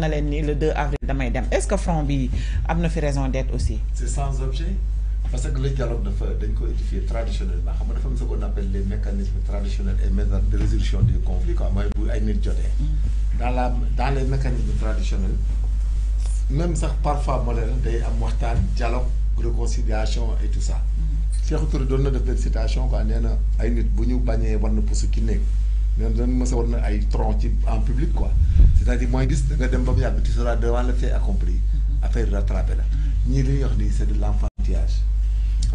na len ni le 2 avril damay dem est-ce que front bi amna fi raison d'être aussi. c'est sans objet parce que le dialogue dafa dañ ko édifier traditionnellement xam nga dafa ce qu'on appelle les mécanismes traditionnels et méthodes de résolution des conflits quoi mais bu ay nit joté mm. dans la dans les mécanismes traditionnels même sax parfois moderne day am waxtan dialogue réconciliation et tout ça. Mm. Cheikh tour doon na def des quand quoi néna ay nit bu ñu bañee pour na pusu ki nekk nee dañ a na ay tronc ci en public quoi c'est-à-dire moins dix, nga dem tu seras devant le fait accompli mm-hmm. affaire rattraper rattraper. ñii li ñuy ni c'est de l'enfantillage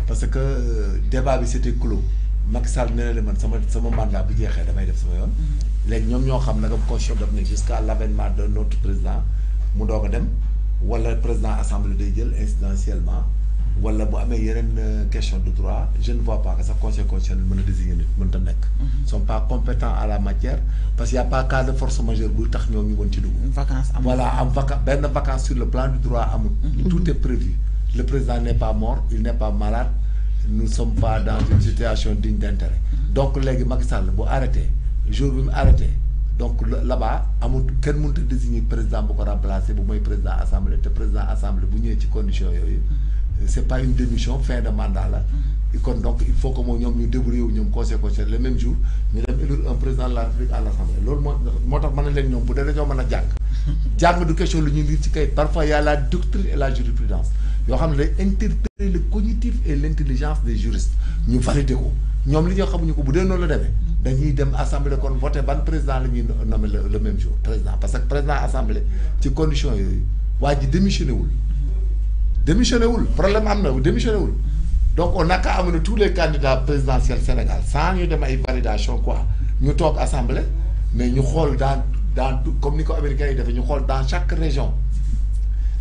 parce que euh, débat bi c'était clos Macky Sall le man sama sama mandat bu jexé damay def sama yone mm-hmm. léegi ñom ñoo xam naka constitution daf ne jusqu'à l'avènement de notre président mu Gadem, ou dem wala président assemblée day jël incidentiellement voilà, mais il y a une question de droit je ne vois pas que ça concerne constitutionnel mhm. Ils ne sont pas compétents à la matière parce qu'il n'y a pas cas de force majeure pour tax ñoom voilà vacances sur le plan du droit mhm. tout est prévu le président n'est pas mort il n'est pas malade nous ne sommes pas dans une situation digne d'intérêt mhm. donc les Macky Sall bu jour je donc là-bas quel monde le président pour ko remplacer bu président assemblée l'Assemblée, président assemblée bu vous ci condition c'est pas une démission fin de mandat là. Mm-hmm. donc il faut que nous ñoom ñu débrouillé wu conseil le même jour ñu le un président de la république à l'assemblée loolu moo moo tax ma ne leen ñoom bu dee dañoo mën a jàng mm-hmm. du question lu lire ci y a la doctrine et la jurisprudence Il xam ne interpréter le cognitif et l'intelligence des juristes Nous mm-hmm. valider ko nous li que nous ko bu dee noonu la demee dañuy dem assemblée kon voter ban président la ñuy nommer le même jour président parce que président assemblée ci condition yooyu waji ji wul démissionné le problème am na démissionné wul donc on a qu'à amener tous les candidats présidentiels Sénégal sans ñu dem ay validation quoi ñu tok assemblée mais ñu xol dans dans comme niko américain, dans chaque région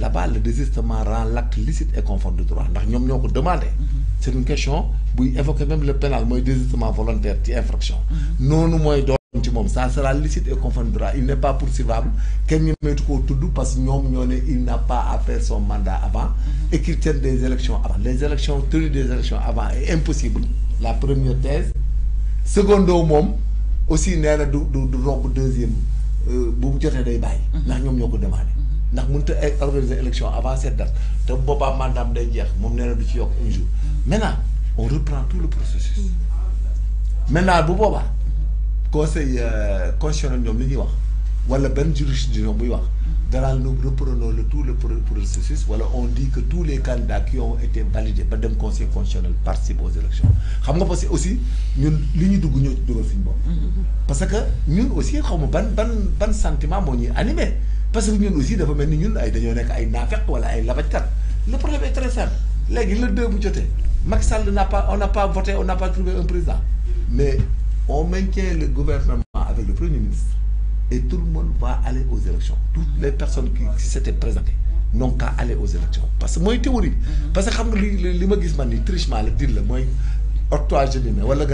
là-bas le désistement rend l'acte licite et conforme de droit ndax avons demandé. Mhm. une question qui évoquer même le pénal le désistement volontaire c'est infraction. Mhm. nous, ça sera licite et conforme de droit il n'est pas poursuivable kenn ñu moytu tout doux parce que nous, il n'a pas à faire son mandat avant. Mhm. et qu'il tienne des élections avant les élections toutes des élections avant est impossible la première thèse. secondo mom, aussi nee na du du du deuxième euh, bu mu day ndax mënut e- organiser l'élection avant cette date te bobo madame day jeex mom néna du ci un jour maintenant on reprend tout le processus maintenant bu boobaa conseil euh, constitutionnel ñom li ñuy wax wala ben juridiction wax nous reprenons le tout le processus wala on dit que tous les candidats qui ont été validés par le conseil constitutionnel participent aux élections xam nga parce aussi ñun li de dugg ñoo mm-hmm. parce que ñun aussi xaw ban ban ban sentiment mo ñi animé parce que nous aussi dafa mel ni ñun ay dañoo nekk ay naafeq wala ay le problème est très simple léegi le deux bu jotee Sall n'a pas on n'a pas voté on n'a pas trouvé un président mais on maintient le gouvernement avec le premier ministre et tout le monde va aller aux élections toutes les personnes qui s'étaient présentées n'ont qu'à aller aux élections parce que une théorie mhm. parce que xam nga li li ma gis man ni trichement la dir la mooy octroi les wala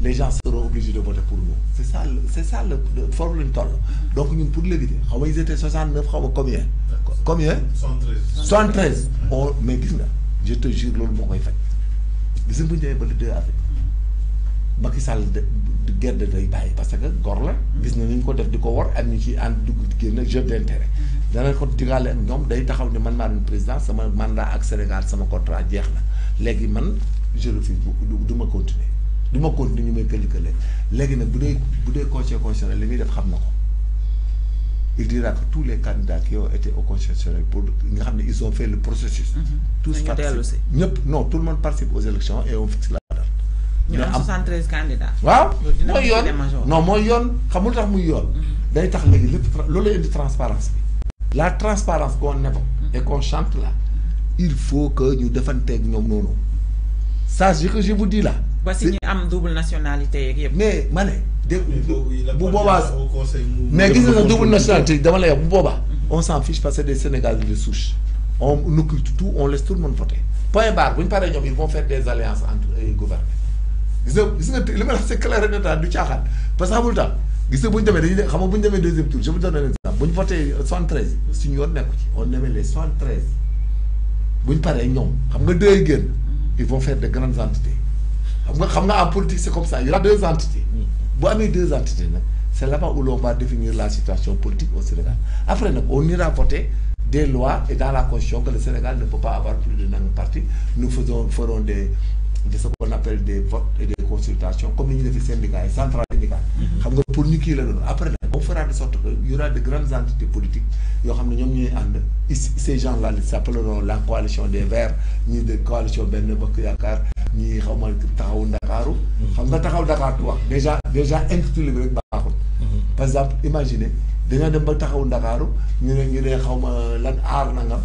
les gens seront obligés de voter pour nous. C'est ça, c'est ça le, le formule Donc nous, pour l'éviter, ils étaient 69, combien Combien 73. 73. Oh, mais je te jure, le mot est fait. Vous avez vu le 2 avril. Macky Sall guerre de day bàyyi parce que gor la gis na ñu ko def diko ko war am ñu ci ànd dugg génn jeu d'intérêt dana ko digalé ñom day taxaw ni man ma doon président sama mandat ak Sénégal sama contrat jeex na léegi man je refuse du ma continuer du ma continuer ñu may këli kële léegi nag budé dee conseil constitutionnel li def xam na il dira que tous les candidats qui ont été au conseil constitutionnel ils ont fait le processus. Mhm. tous participent non tout le monde participe aux élections et on fixe la date. il y a 73 candidats. waaw mooy non mooy yoon xamul tax muy yoon. Mhm. day tax léegi lépp indi transparence la transparence qu'on évoque mhm. et qu'on chante là il faut que ñu defanteeg nos noonu ça c'est que je vous dis là qu'il y double nationalité mais double nationalité mhm. on s'en fiche parce que des Sénégalais de souche. on occulte tout on laisse tout le monde voter point barre ils vont faire des alliances entre les gouvernements Ils nga c'est clair du parce que vous nga deuxième tour je vous donne un exemple 73 si on les 73 mhm. ils vont faire de grandes entités en politique c'est comme ça il y aura deux entités. Mm. deux entités c'est là-bas où l'on va définir la situation politique au Sénégal après on ira voter des lois et dans la conscience que le Sénégal ne peut pas avoir plus de quel parti nous faisons ferons des de ce qu'on appelle des votes et des consultations comme ni ñu syndicats et central syndicat mm-hmm. pour nous, la après on fera de sorte qu'il y aura de grandes entités politiques ces gens là ils s'appelleront la coalition des Verts ni de coalition Ben Bokk ñii xaw ma taxawu Ndakaaru xam nga taxaw Dakar wax déjà déjà intitulé bi rek baaxul mhm. par exemple imaginez dañoo dem ba taxaw Ndakaaru ñu ne ñu ne xaw ma lan aar nangam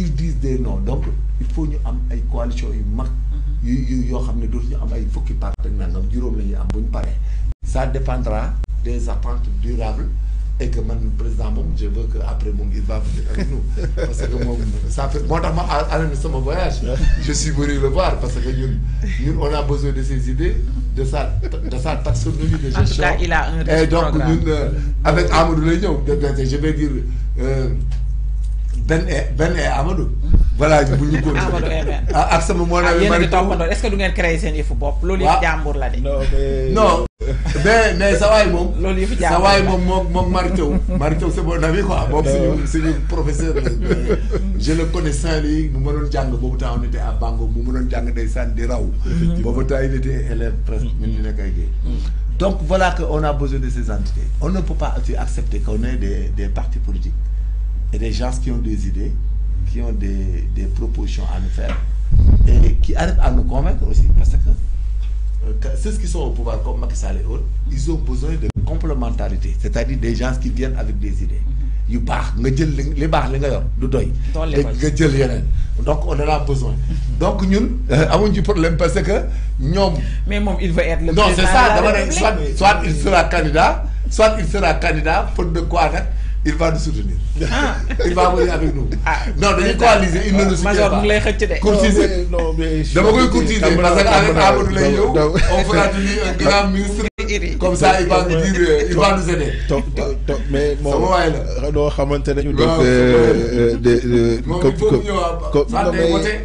ils disent de non donc il faut ñu am ay coalition yu mag mhm. yoo xam ne dootuñu am ay fukki parti nangam juróom la ñuy am bu ñu paree ça dépendra des attentes durable e que man président moom je veux que après moom il va venir avec nous parce que moom ça fait moo tax ma annulé sama voyage je suis venu le voir parce que ñun ñun on a besoin de ses idées de sa de sa taxonomie de gestion en tout cas il a un et donc ñun euh, avec Amadou lay ñëw je vais dire euh, Ben et Ben et Amadou mm-hmm. voilà bu ñu ko. ah, ah ak sama mbooloo bi. Ah, mari est ce que du ngeen créé seen yëfu bopp. loolu yëfu jàmbur la de. non mais mais sa waay moom. loolu yëfu jàmbur sa waay moom moom moom Mary Thiaw. Mary Thiaw c'est mon ami quoi. moom suñu suñu professeur je le connais Saint-Louis mu mënoon jàng boobu temps on était à Bango mu mënoon jàng ndeysaan di raw. boobu temps il était élève presque mën ñu nekk ay donc voilà que on a besoin de ces entités on ne peut pas accepter qu'on ait des des partis politiques et des gens qui ont des idées qui ont des, des, propositions à nous faire et qui arrêtent à nous convaincre aussi. Parce que euh, ceux qui sont au pouvoir, comme Macky Sall et autres, ils ont besoin de complémentarité, c'est-à-dire des gens qui viennent avec des idées. Mhm. yu nga jël li li nga yor du donc on en a besoin donc nous euh, avons ci problème parce que nous, mais il veut être le non c'est ça soit soit il sera candidat soit il sera candidat pour de quoi il va nous soutenir. Ah. il va venir avec nous. Ah. non dañuy coaliser il ne nous soutient pas. lay xëcc de. courtiser non mais dama koy courtiser parce que avec Amadou lay ñëw on fera de lui un grand ministre. comme ça il va nous dire il va nous aider. toog toog mais moom sama waay la. noo xamante ne ñu. waaw waaw waaw euh, euh, moom il